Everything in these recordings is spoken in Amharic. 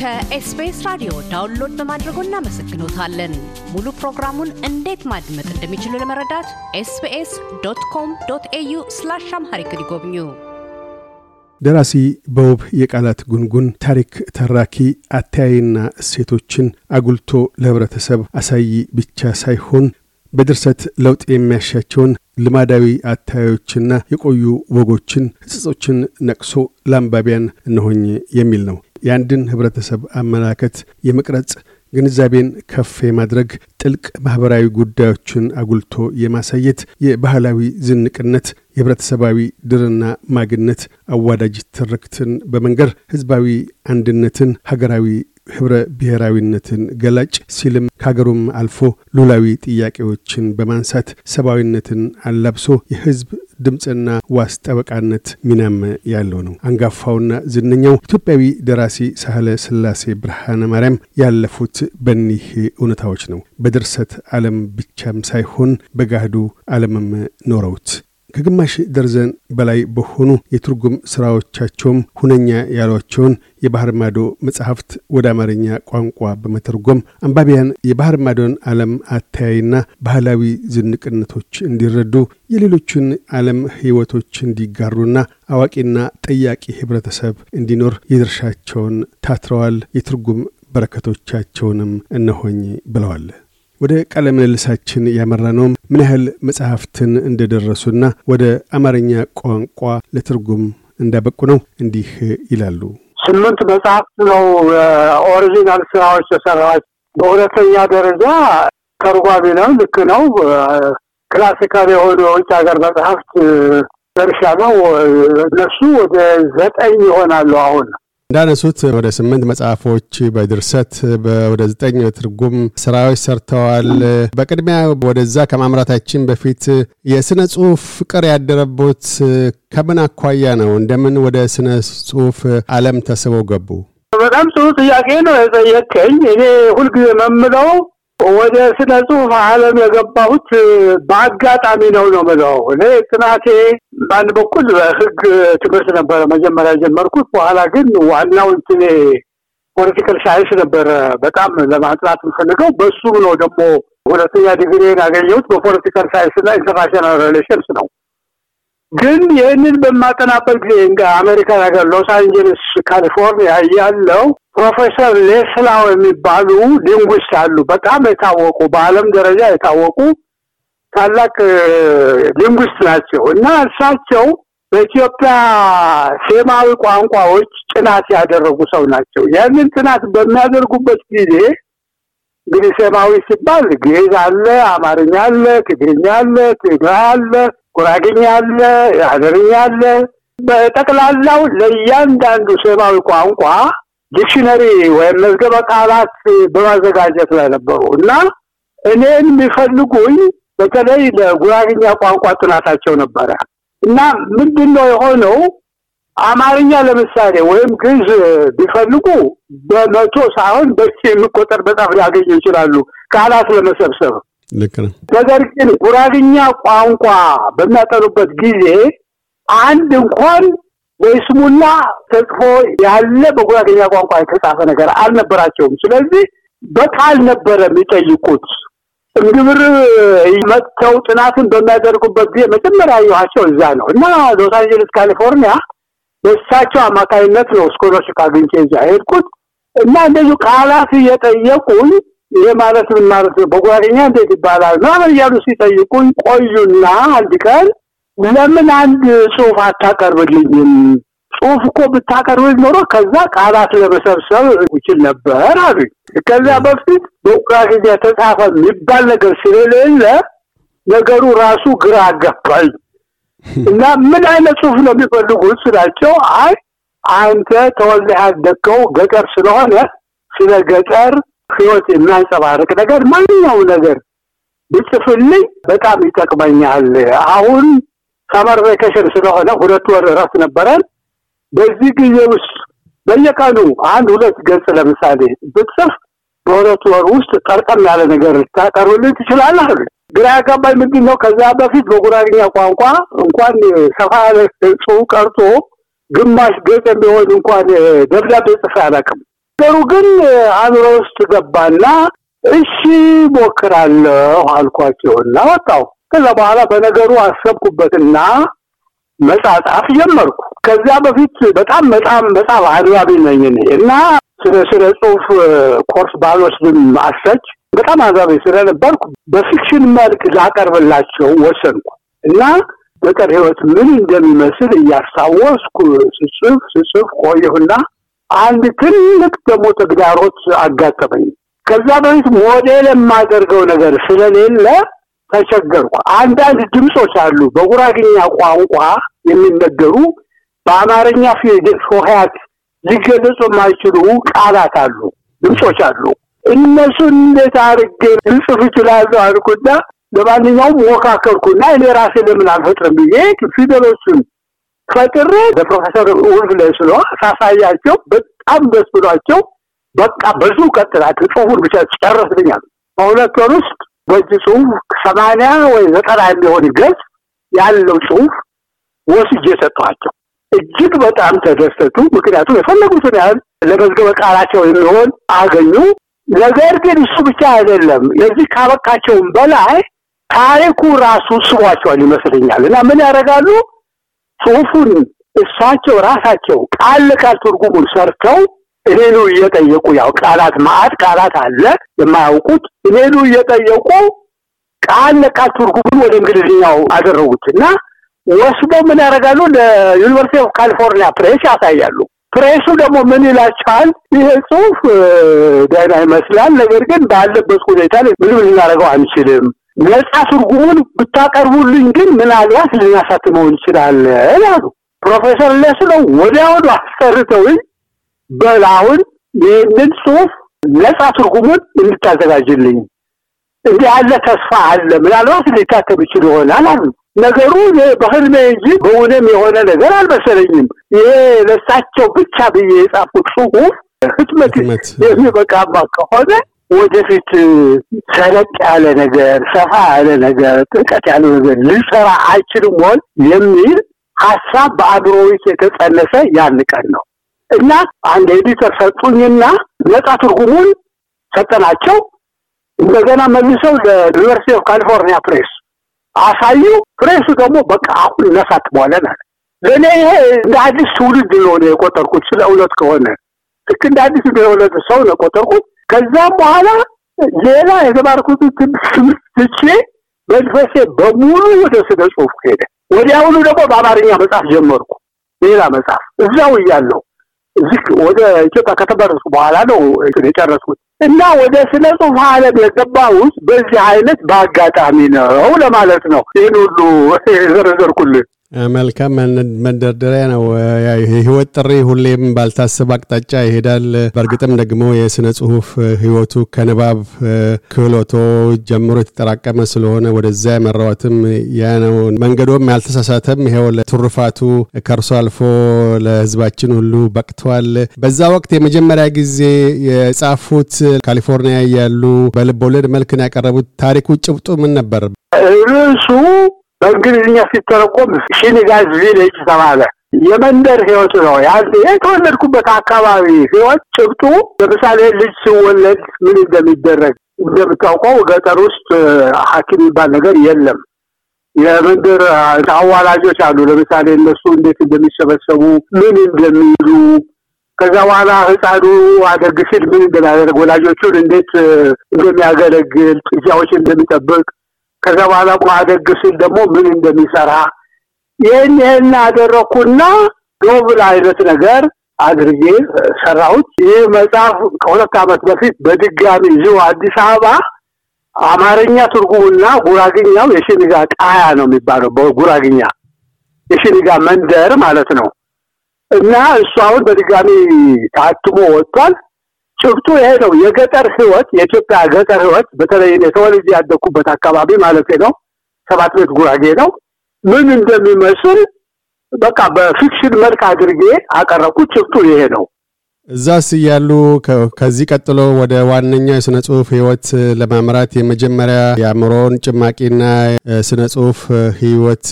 ከኤስቢኤስ ራዲዮ ዳውንሎድ በማድረጎ እናመሰግኖታለን። ሙሉ ፕሮግራሙን እንዴት ማድመጥ እንደሚችሉ ለመረዳት ኤስቢኤስ ዶት ኮም ዶት ኤዩ ስላሽ አምሃሪክ ይጎብኙ። ደራሲ በውብ የቃላት ጉንጉን ታሪክ ተራኪ አተያይና እሴቶችን አጉልቶ ለህብረተሰብ አሳይ ብቻ ሳይሆን በድርሰት ለውጥ የሚያሻቸውን ልማዳዊ አታዮችና የቆዩ ወጎችን ህጽጾችን ነቅሶ ለአንባቢያን እነሆኝ የሚል ነው። የአንድን ህብረተሰብ አመላከት የመቅረጽ ግንዛቤን ከፍ የማድረግ ጥልቅ ማኅበራዊ ጉዳዮችን አጉልቶ የማሳየት የባህላዊ ዝንቅነት የህብረተሰባዊ ድርና ማግነት አዋዳጅ ትርክትን በመንገር ህዝባዊ አንድነትን ሀገራዊ ህብረ ብሔራዊነትን ገላጭ ሲልም ከሀገሩም አልፎ ሉላዊ ጥያቄዎችን በማንሳት ሰብአዊነትን አላብሶ የህዝብ ድምፅና ዋስ ጠበቃነት ሚናም ያለው ነው። አንጋፋውና ዝነኛው ኢትዮጵያዊ ደራሲ ሳህለ ስላሴ ብርሃነ ማርያም ያለፉት በኒህ እውነታዎች ነው። በድርሰት ዓለም ብቻም ሳይሆን በጋህዱ ዓለምም ኖረውት ከግማሽ ደርዘን በላይ በሆኑ የትርጉም ሥራዎቻቸውም ሁነኛ ያሏቸውን የባህር ማዶ መጽሐፍት ወደ አማርኛ ቋንቋ በመተርጎም አንባቢያን የባህር ማዶን ዓለም አተያይና ባህላዊ ዝንቅነቶች እንዲረዱ የሌሎችን ዓለም ሕይወቶች እንዲጋሩና አዋቂና ጠያቂ ኅብረተሰብ እንዲኖር የድርሻቸውን ታትረዋል። የትርጉም በረከቶቻቸውንም እነሆኝ ብለዋል። ወደ ቃለ ምልልሳችን ነው ምን ያህል መጽሐፍትን እንደደረሱና ወደ አማርኛ ቋንቋ ለትርጉም እንዳበቁ ነው። እንዲህ ይላሉ። ስምንት መጽሐፍት ነው ኦሪጂናል ስራዎች ተሰራች። በሁለተኛ ደረጃ ተርጓሚ ነው፣ ልክ ነው። ክላሲካል የሆኑ የውጭ ሀገር መጽሐፍት ደርሻ ነው። እነሱ ወደ ዘጠኝ ይሆናሉ አሁን እንዳነሱት ወደ ስምንት መጽሐፎች በድርሰት ወደ ዘጠኝ ትርጉም ስራዎች ሰርተዋል። በቅድሚያ ወደዛ ከማምራታችን በፊት የስነ ጽሁፍ ፍቅር ያደረቦት ከምን አኳያ ነው? እንደምን ወደ ስነ ጽሁፍ አለም ተስበው ገቡ? በጣም ጥሩ ጥያቄ ነው የጠየከኝ። እኔ ሁልጊዜ መምለው ወደ ስነ ጽሁፍ አለም የገባሁት በአጋጣሚ ነው ነው ምለው እኔ ጥናቴ በአንድ በኩል በህግ ትምህርት ነበረ መጀመሪያ ጀመርኩት በኋላ ግን ዋናው እንትኔ ፖለቲካል ሳይንስ ነበረ በጣም ለማጥናት የምፈልገው። በሱም ነው ደግሞ ሁለተኛ ዲግሪን ያገኘሁት በፖለቲካል ሳይንስ እና ኢንተርናሽናል ሬሌሽንስ ነው። ግን ይህንን በማጠናበት ጊዜ እንደ አሜሪካን ሀገር ሎስ አንጀልስ ካሊፎርኒያ ያለው ፕሮፌሰር ሌስላው የሚባሉ ሊንጉስት አሉ። በጣም የታወቁ በዓለም ደረጃ የታወቁ ታላቅ ሊንጉስት ናቸው እና እሳቸው በኢትዮጵያ ሴማዊ ቋንቋዎች ጥናት ያደረጉ ሰው ናቸው። ያንን ጥናት በሚያደርጉበት ጊዜ እንግዲህ ሴማዊ ሲባል ግዕዝ አለ፣ አማርኛ አለ፣ ትግርኛ አለ፣ ትግራይ አለ፣ ጉራግኛ አለ፣ ሀደርኛ አለ። በጠቅላላው ለእያንዳንዱ ሴማዊ ቋንቋ ዲክሽነሪ ወይም መዝገበ ቃላት በማዘጋጀት ላይ ነበሩ እና እኔን የሚፈልጉኝ በተለይ ለጉራግኛ ቋንቋ ጥናታቸው ነበረ እና ምንድን ነው የሆነው አማርኛ ለምሳሌ ወይም ግዝ ቢፈልጉ በመቶ ሳይሆን በሺ የሚቆጠር በጣም ሊያገኙ ይችላሉ ቃላት ለመሰብሰብ ነገር ግን ጉራግኛ ቋንቋ በሚያጠኑበት ጊዜ አንድ እንኳን በይስሙላ ተጽፎ ያለ በጉራገኛ ቋንቋ የተጻፈ ነገር አልነበራቸውም። ስለዚህ በቃል ነበረ የሚጠይቁት። እንግብር መጥተው ጥናትን በሚያደርጉበት ጊዜ መጀመሪያ ያየኋቸው እዛ ነው እና ሎስ አንጀለስ ካሊፎርኒያ በእሳቸው አማካኝነት ነው ስኮሎርሺፕ አግኝቼ እዛ ሄድኩት እና እንደዚሁ ቃላት እየጠየቁኝ ይሄ ማለት ምን ማለት ነው፣ በጓደኛ እንዴት ይባላል ምናምን እያሉ ሲጠይቁኝ ቆዩና አንድ ቀን ለምን አንድ ጽሁፍ አታቀርብልኝም? ጽሁፍ እኮ ብታቀርብልኝ ኖሮ ከዛ ቃላት ለመሰብሰብ ይችል ነበር አሉኝ። ከዚያ በፊት በቁራሽኛ የተጻፈ የሚባል ነገር ስለሌለ ነገሩ ራሱ ግራ አጋባኝ እና ምን አይነት ጽሁፍ ነው የሚፈልጉት ስላቸው፣ አይ አንተ ተወልደህ ያደግከው ገጠር ስለሆነ ስለ ገጠር ህይወት የሚያንጸባርቅ ነገር ማንኛውም ነገር ብጽፍልኝ በጣም ይጠቅመኛል አሁን ሳማር ቬኬሽን ስለሆነ ሁለት ወር እረፍት ነበረን። በዚህ ጊዜ ውስጥ በየቀኑ አንድ ሁለት ገጽ ለምሳሌ ብትጽፍ በሁለት ወር ውስጥ ጠርቀም ያለ ነገር ልታቀርብልኝ ትችላለህ። ግራ ያጋባኝ ምንድን ነው? ከዛ በፊት በጉራግኛ ቋንቋ እንኳን ሰፋ ያለ ጽሑፍ ቀርቶ ግማሽ ገጽ የሚሆን እንኳን ደብዳቤ ጽፌ አላውቅም። ነገሩ ግን አእምሮ ውስጥ ገባና እሺ ሞክራለሁ አልኳቸውና ወጣሁ። ከዛ በኋላ በነገሩ አሰብኩበትና መጻጻፍ ጀመርኩ። ከዛ በፊት በጣም በጣም በጣም አድባቢ ነኝ እኔ እና ስለ ስለ ጽሁፍ ኮርስ ባልወስድም አሰች በጣም አዛቢ ስለነበርኩ በፊክሽን መልክ ላቀርብላቸው ወሰንኩ እና በቀር ህይወት ምን እንደሚመስል እያስታወስኩ ስጽፍ ስጽፍ ቆየሁና አንድ ትልቅ ደግሞ ተግዳሮት አጋጠመኝ። ከዛ በፊት ሞዴል የማደርገው ነገር ስለሌለ ተቸገርኩ። አንዳንድ ድምፆች አሉ በጉራግኛ ቋንቋ የሚነገሩ በአማርኛ ሆሄያት ሊገለጹ የማይችሉ ቃላት አሉ፣ ድምፆች አሉ። እነሱን እንዴት አድርጌ ልጽፍ እችላለሁ አልኩና ለማንኛውም ሞካከርኩና እኔ ራሴ ለምን አልፈጥርም ብዬ ፊደሎቹን ፈጥሬ ለፕሮፌሰር ውልፍ ላይ ለስሎ ሳሳያቸው በጣም ደስ ብሏቸው በቃ በዙ ቀጥላት ጽሁፉን ብቻ ጨረስልኛል በሁለት ወር ውስጥ በእጅ ጽሁፍ ሰማንያ ወይ ዘጠና የሚሆን ገጽ ያለው ጽሁፍ ወስጄ የሰጠኋቸው እጅግ በጣም ተደሰቱ። ምክንያቱም የፈለጉትን ያህል ለመዝገበ ቃላቸው የሚሆን አገኙ። ነገር ግን እሱ ብቻ አይደለም። የዚህ ካበቃቸውም በላይ ታሪኩ ራሱ ስቧቸዋል ይመስለኛል። እና ምን ያደርጋሉ ጽሁፉን እሳቸው ራሳቸው ቃል ለቃል ትርጉሙን ሰርተው እኔኑ እየጠየቁ ያው ቃላት ማአት ቃላት አለ የማያውቁት እኔኑ እየጠየቁ ቃል ለቃል ትርጉሙን ወደ እንግሊዝኛው አደረጉት እና ወስደው ምን ያደርጋሉ? ለዩኒቨርሲቲ ኦፍ ካሊፎርኒያ ፕሬስ ያሳያሉ። ፕሬሱ ደግሞ ምን ይላቸዋል? ይሄ ጽሁፍ ደህና ይመስላል፣ ነገር ግን ባለበት ሁኔታ ምንም ልናደርገው አንችልም። ነጻ ትርጉሙን ብታቀርቡልኝ ግን ምናልባት ልናሳትመው እንችላለን አሉ። ፕሮፌሰር ለስለው ወዲያውኑ አሰርተውኝ በል አሁን ይህንን ጽሁፍ ነጻ ትርጉሙን እንድታዘጋጅልኝ እንዲህ ያለ ተስፋ አለ፣ ምናልባት ሊታተም ይችል ይሆናል አሉ። ነገሩ በህልሜ እንጂ በእውንም የሆነ ነገር አልመሰለኝም። ይሄ ለሳቸው ብቻ ብዬ የጻፉት ጽሁፍ ህትመት የሚበቃማ ከሆነ ወደፊት ሰለቅ ያለ ነገር፣ ሰፋ ያለ ነገር፣ ጥልቀት ያለ ነገር ልሰራ አይችልም ሆን የሚል ሀሳብ በአድሮዊት የተጸነሰ ያንቀን ነው። እና አንድ ኤዲተር ሰጡኝና ነጻ ትርጉሙን ሰጠናቸው። እንደገና መልሰው ለዩኒቨርሲቲ ኦፍ ካሊፎርኒያ ፕሬስ አሳዩ። ፕሬሱ ደግሞ በቃ አሁን እናሳትመዋለን አለ። ለእኔ ይሄ እንደ አዲስ ትውልድ የሆነ የቆጠርኩት ስለ እውነት ከሆነ ልክ እንደ አዲስ እንደሆነ ሰው ነው የቆጠርኩት። ከዛም በኋላ ሌላ የተማርኩት ትምህርት ትቼ መንፈሴ በሙሉ ወደ ስነ ጽሁፍ ሄደ። ወዲያውኑ ደግሞ በአማርኛ መጽሐፍ ጀመርኩ። ሌላ መጽሐፍ እዛው እያለሁ እዚህ ወደ ኢትዮጵያ ከተመረስኩ በኋላ ነው የጨረስኩት እና ወደ ስነ ጽሁፍ ዓለም የገባሁት በዚህ አይነት በአጋጣሚ ነው ለማለት ነው። ይህን ሁሉ የዘረዘርኩልህ መልካም መንደርደሪያ ነው። የህይወት ጥሪ ሁሌም ባልታሰብ አቅጣጫ ይሄዳል። በእርግጥም ደግሞ የስነ ጽሁፍ ህይወቱ ከንባብ ክህሎቶ ጀምሮ የተጠራቀመ ስለሆነ ወደዛ ያመራዎትም ያ ነው። መንገዶም ያልተሳሳተም። ይኸው ለትሩፋቱ ከእርሶ አልፎ ለህዝባችን ሁሉ በቅተዋል። በዛ ወቅት የመጀመሪያ ጊዜ የጻፉት ካሊፎርኒያ ያሉ በልብ መልክን መልክ ያቀረቡት ታሪኩ ጭብጡ ምን ነበር? ርዕሱ በእንግሊዝኛ ሲተረቆም ሺኒጋዝ ቪሌጅ ተባለ። የመንደር ህይወት ነው። ያን የተወለድኩበት አካባቢ ህይወት ጭብጡ፣ ለምሳሌ ልጅ ሲወለድ ምን እንደሚደረግ እንደምታውቀው ገጠር ውስጥ ሐኪም የሚባል ነገር የለም። የመንደር አዋላጆች አሉ። ለምሳሌ እነሱ እንዴት እንደሚሰበሰቡ ምን እንደሚሉ ከዛ በኋላ ህፃኑ አደግ ሲል ምን እንደሚያደርግ ወላጆቹን እንዴት እንደሚያገለግል ጥጃዎች እንደሚጠብቅ ከዛ በኋላ ቋደግሱን ደግሞ ምን እንደሚሰራ ይህን ይህን አደረኩና ዶብል አይነት ነገር አድርጌ ሰራሁት። ይህ መጽሐፍ ከሁለት ዓመት በፊት በድጋሚ እዚሁ አዲስ አበባ አማርኛ ትርጉሙና ጉራግኛው የሽኒጋ ጣያ ነው የሚባለው በጉራግኛ የሽኒጋ መንደር ማለት ነው እና እሱ አሁን በድጋሚ ታትሞ ወጥቷል። ጭብጡ ይሄ ነው። የገጠር ህይወት የኢትዮጵያ ገጠር ህይወት በተለይ የተወልጄ ያደኩበት አካባቢ ማለት ነው ሰባት ቤት ጉራጌ ነው ምን እንደሚመስል በቃ በፊክሽን መልክ አድርጌ አቀረብኩት። ጭብጡ ይሄ ነው። እዛስ እያሉ ከዚህ ቀጥሎ ወደ ዋነኛው የስነ ጽሁፍ ህይወት ለማምራት የመጀመሪያ የአእምሮን ጭማቂና ስነ ጽሁፍ ህይወት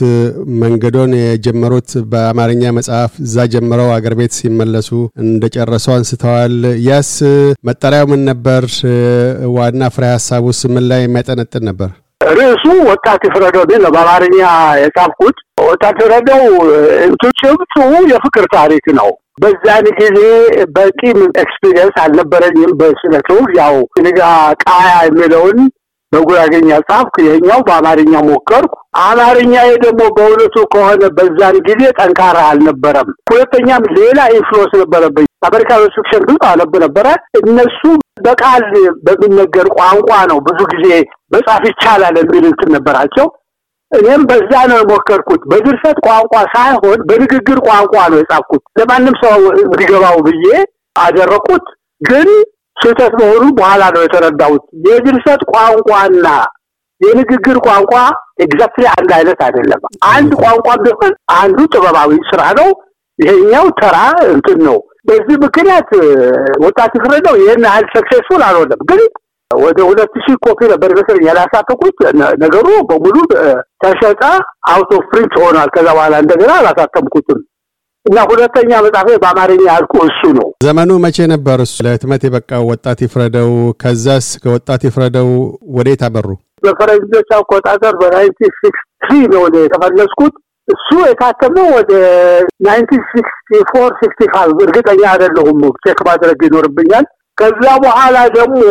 መንገዶን የጀመሩት በአማርኛ መጽሐፍ እዛ ጀምረው አገር ቤት ሲመለሱ እንደጨረሱ አንስተዋል። ያስ መጠሪያው ምን ነበር? ዋና ፍሬ ሀሳቡስ ምን ላይ የሚያጠነጥን ነበር? ርዕሱ ወጣት ይፍረዶብኝ ነው በአማርኛ የጻፍኩት። ከተረዳው ትጭብጡ የፍቅር ታሪክ ነው። በዛን ጊዜ በቂም ኤክስፒሪየንስ አልነበረኝም በስነ ጽሁፍ ያው ንጋ ቃያ የሚለውን በጉራገኛ ጻፍኩ፣ ይሄኛው በአማርኛ ሞከርኩ። አማርኛዬ ደግሞ በእውነቱ ከሆነ በዛን ጊዜ ጠንካራ አልነበረም። ሁለተኛም ሌላ ኢንፍሉወንስ ነበረብኝ። አሜሪካኖች ፊክሽን ብዙ አነብ ነበረ። እነሱ በቃል በሚነገር ቋንቋ ነው ብዙ ጊዜ መጻፍ ይቻላል የሚል እንትን ነበራቸው። እኔም በዛ ነው የሞከርኩት። በድርሰት ቋንቋ ሳይሆን በንግግር ቋንቋ ነው የጻፍኩት ለማንም ሰው እንዲገባው ብዬ አደረግኩት፣ ግን ስህተት መሆኑ በኋላ ነው የተረዳሁት። የድርሰት ቋንቋና የንግግር ቋንቋ ኤግዛክትሊ አንድ አይነት አይደለም። አንድ ቋንቋ ቢሆን አንዱ ጥበባዊ ስራ ነው፣ ይሄኛው ተራ እንትን ነው። በዚህ ምክንያት ወጣት ፍሬ ነው ይህን ያህል ሰክሴስፉል አልሆነም። ግን ወደ ሁለት ሺህ ኮፒ ነበር ይመስለኝ ያላሳተቁት። ነገሩ በሙሉ ተሸጠ፣ አውቶ ፍሪንት ሆኗል። ከዛ በኋላ እንደገና አላሳተምኩትም እና ሁለተኛ መጽሐፌ በአማርኛ ያልኩ እሱ ነው። ዘመኑ መቼ ነበር እሱ ለህትመት የበቃው? ወጣት ይፍረደው። ከዛስ ከወጣት ይፍረደው ወዴት አበሩ? በፈረንጆች አቆጣጠር በናይንቲ ሲክስ ትሪ ነው የተፈለስኩት። እሱ የታተመው ወደ ናይንቲ ሲክስቲ ፎር ሲክስቲ ፋይቭ እርግጠኛ አይደለሁም፣ ቼክ ማድረግ ይኖርብኛል። ከዛ በኋላ ደግሞ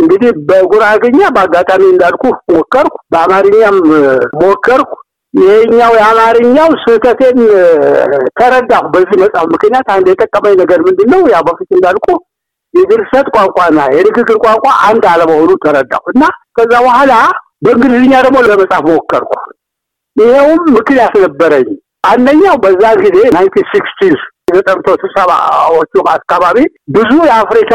እንግዲህ በጉራገኛ በአጋጣሚ እንዳልኩ ሞከርኩ፣ በአማርኛም ሞከርኩ። ይሄኛው የአማርኛው ስህተቴን ተረዳሁ። በዚህ መጽሐፍ ምክንያት አንድ የጠቀመኝ ነገር ምንድን ነው? ያ በፊት እንዳልኩ የድርሰት ቋንቋና የንግግር ቋንቋ አንድ አለመሆኑ ተረዳሁ እና ከዛ በኋላ በእንግሊዝኛ ደግሞ ለመጽሐፍ ሞከርኩ። ይኸውም ምክንያት ነበረኝ። አንደኛው በዛ ጊዜ ናይንቲን ሲክስቲስ ዘጠኝ ስብሰባዎቹ አካባቢ ብዙ የአፍሪካ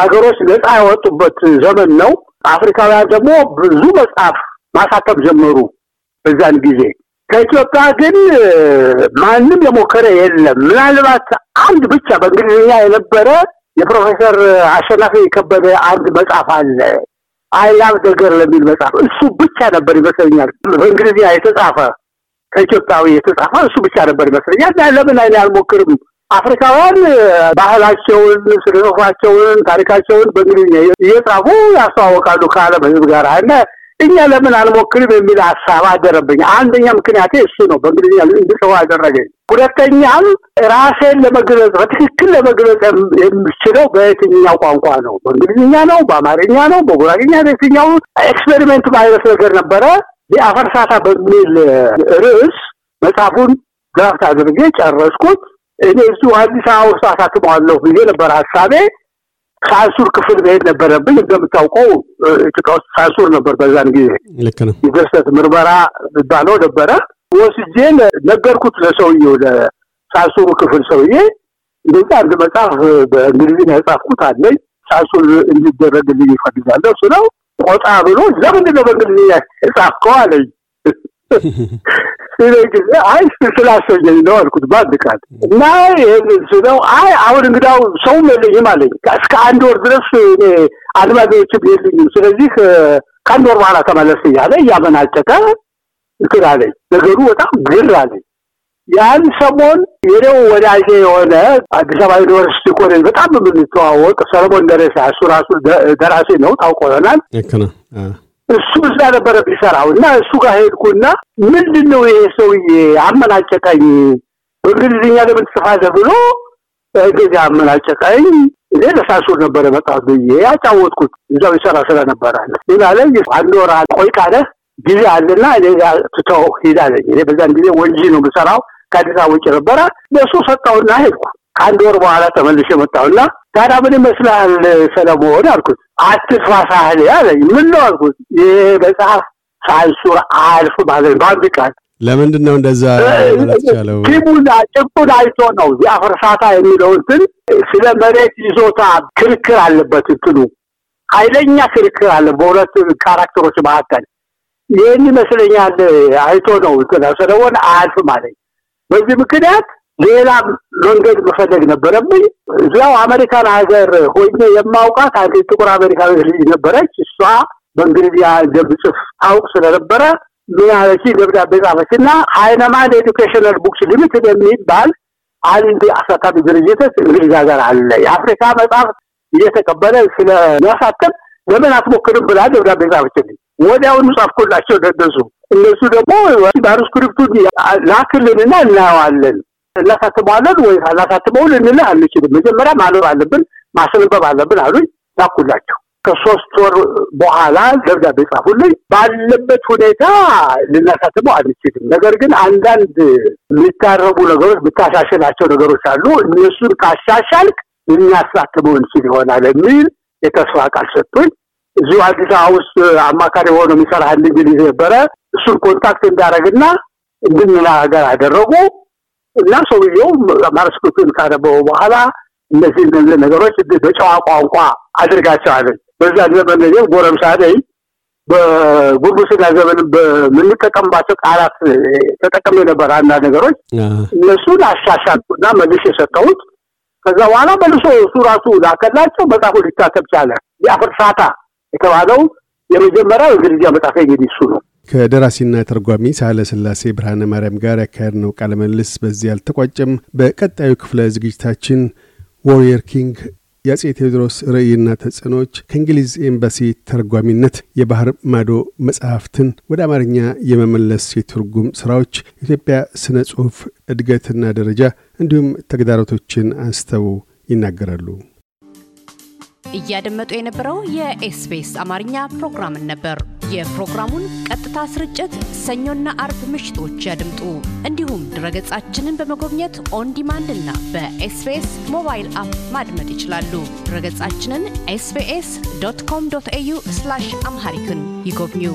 ሀገሮች ነፃ ያወጡበት ዘመን ነው። አፍሪካውያን ደግሞ ብዙ መጽሐፍ ማሳተም ጀመሩ በዛን ጊዜ። ከኢትዮጵያ ግን ማንም የሞከረ የለም። ምናልባት አንድ ብቻ በእንግሊዝኛ የነበረ የፕሮፌሰር አሸናፊ የከበደ አንድ መጽሐፍ አለ አይላቭ ደገር ለሚል መጽሐፍ እሱ ብቻ ነበር ይመስለኛል በእንግሊዝኛ የተጻፈ ከኢትዮጵያዊ የተጻፈ እሱ ብቻ ነበር ይመስለኛል። ለምን አይኔ አልሞክርም? አፍሪካውያን ባህላቸውን፣ ስነጽሁፋቸውን፣ ታሪካቸውን በእንግሊዝኛ እየጻፉ ያስተዋወቃሉ ከዓለም ሕዝብ ጋር እና እኛ ለምን አልሞክርም የሚል ሀሳብ አደረብኝ። አንደኛ ምክንያቴ እሱ ነው፣ በእንግሊዝኛ እንድጽፍ አደረገኝ። ሁለተኛም ራሴን ለመግለጽ በትክክል ለመግለጽ የምችለው በየትኛው ቋንቋ ነው? በእንግሊዝኛ ነው? በአማርኛ ነው? በጉራግኛ ነው? የትኛው ኤክስፔሪሜንት ማይነት ነገር ነበረ የአፈርሳታ በሚል ርዕስ መጽሐፉን ድራፍት አድርጌ ጨረስኩት። እኔ እሱ አዲስ አበባ ውስጥ አሳትመዋለሁ ብዬ ነበር ሀሳቤ። ሳንሱር ክፍል መሄድ ነበረብኝ። እንደምታውቀው ኢትዮጵያ ውስጥ ሳንሱር ነበር በዛን ጊዜ ልክ ነው፣ የድርሰት ምርመራ የሚባለው ነበረ። ወስጄ ነገርኩት ለሰውዬው፣ ለሳንሱሩ ክፍል ሰውዬ እንደዚህ አንድ መጽሐፍ በእንግሊዝኛ የጻፍኩት አለኝ ሳንሱር እንዲደረግልኝ ይፈልጋለሁ ነው ወጣ ብሎ ለምንድን ነው በእንግሊዝኛ የጻፍከው አለኝ። ይሄ ጊዜ አይ ስላሰኘኝ ነው አልኩት በአንድ ቃል እና ይህን እሱ አይ አሁን እንግዳው ሰውም የለኝም አለኝ። እስከ አንድ ወር ድረስ አድማጮችም የለኝም፣ ስለዚህ ከአንድ ወር በኋላ ተመለስ እያለ እያመናጨቀ እንትን አለኝ። ነገሩ በጣም ግር አለኝ። ያን ሰሞን የኔው ወዳጄ የሆነ አዲስ አበባ ዩኒቨርሲቲ ኮሌጅ በጣም የምንተዋወቅ ሰለሞን ደረሳ፣ እሱ ራሱ ደራሴ ነው፣ ታውቆ ይሆናል። እሱ እዛ ነበረ ቢሰራው እና እሱ ጋር ሄድኩና ምንድን ነው ይሄ ሰውዬ አመናጨቀኝ፣ በእንግሊዝኛ ለምን ትጽፋለህ ብሎ እንደዚህ አመናጨቀኝ። እኔ ለሳሱ ነበረ መጣት ብዬ ያጫወትኩት እዛው ይሰራ ስለነበረ ምን አንድ ወር ቆይ ቃለህ ጊዜ አለና እኔ ትተው ሂድ እኔ በዛን ጊዜ ወንጂ ነው ምሰራው ከአዲስ አበባ ውጭ ነበረ። ለእሱ ሰጠውና ሄድኩ። ከአንድ ወር በኋላ ተመልሼ መጣሁና ታዲያ ምን ይመስላል ሰለሞን አልኩት። አትስፋ ሳህል አለኝ። ምን ነው አልኩት። ይህ መጽሐፍ ሳንሱር አልፍ ማለት በአንድ ቃል ለምንድን ነው እንደዛ ያለው? ቲሙን ጭቁን አይቶ ነው የአፈርሳታ የሚለው እንትን ስለ መሬት ይዞታ ክርክር አለበት። እንትኑ ኃይለኛ ክርክር አለ በሁለት ካራክተሮች መካከል። ይህን ይመስለኛል አይቶ ነው ስለሆነ አልፍ ማለት በዚህ ምክንያት ሌላ መንገድ መፈለግ ነበረብኝ። እዚያው አሜሪካን ሀገር ሆኜ የማውቃት አንዲት ጥቁር አሜሪካዊ ልጅ ነበረች። እሷ በእንግሊዝኛ እንደምጽፍ አውቅ ስለነበረ ምን አለች፣ ደብዳቤ ጻፈች እና ሃይነማን ኤዱኬሽናል ቡክስ ሊሚትድ የሚባል አንድ አሳታሚ ድርጅት እንግሊዝ ሀገር አለ የአፍሪካ መጽሐፍ እየተቀበለ ስለሚያሳትም ለምን አትሞክርም ብላ ደብዳቤ ጻፈችልኝ። ወዲያውኑ ጻፍኩላቸው ደደሱ እነሱ ደግሞ ማኑስክሪፕቱ ላክልንና እናየዋለን። እናሳትመዋለን ወይ አናሳትመው ልንልህ አንችልም፣ መጀመሪያ ማንበብ አለብን ማስነበብ አለብን አሉኝ። ላኩላቸው። ከሶስት ወር በኋላ ደብዳቤ ጻፉልኝ። ባለበት ሁኔታ ልናሳትመው አንችልም፣ ነገር ግን አንዳንድ የሚታረሙ ነገሮች የምታሻሽላቸው ነገሮች አሉ። እነሱን ካሻሻልክ ልናሳትመው እንችል ይሆናል የሚል የተስፋ ቃል ሰጡኝ። እዚሁ አዲስ አበባ ውስጥ አማካሪ ሆኖ የሚሰራ አንድ እንግሊዝ ነበረ። እሱን ኮንታክት እንዳደረግና እንድንላ ሀገር አደረጉ እና ሰውየው ማረስኩትን ካነበው በኋላ እነዚህ እነዚህ ነገሮች በጨዋ ቋንቋ አድርጋቸዋለን። በዛ ዘመን እኔም ጎረምሳ ነኝ። በጉርብስና ዘመን በምንጠቀምባቸው ቃላት ተጠቅሜ ነበር አንዳንድ ነገሮች እነሱን አሻሻልኩና መልሼ የሰጠሁት። ከዛ በኋላ መልሶ እሱ ራሱ ላከላቸው። መጽሐፉ ሊታተም ቻለ። የአፍርሳታ የተባለው የመጀመሪያው የእንግሊዝኛ መጽሐፍ እንግዲህ እሱ ነው። ከደራሲና ተርጓሚ ሳህለ ስላሴ ብርሃነ ማርያም ጋር ያካሄድነው ቃለ ምልልስ በዚህ አልተቋጨም። በቀጣዩ ክፍለ ዝግጅታችን ዋሪየር ኪንግ የአጼ ቴዎድሮስ ርዕይና ተጽዕኖዎች ከእንግሊዝ ኤምባሲ ተርጓሚነት የባህር ማዶ መጽሐፍትን ወደ አማርኛ የመመለስ የትርጉም ሥራዎች ኢትዮጵያ ስነ ጽሑፍ እድገትና ደረጃ እንዲሁም ተግዳሮቶችን አንስተው ይናገራሉ። እያደመጡ የነበረው የኤስቢኤስ አማርኛ ፕሮግራምን ነበር። የፕሮግራሙን ቀጥታ ስርጭት ሰኞና አርብ ምሽቶች ያድምጡ። እንዲሁም ድረገጻችንን በመጎብኘት ኦንዲማንድ እና በኤስቤስ ሞባይል አፕ ማድመጥ ይችላሉ። ድረገጻችንን ኤስቤስ ዶት ኮም ዶት ኤዩ አምሃሪክን ይጎብኙ።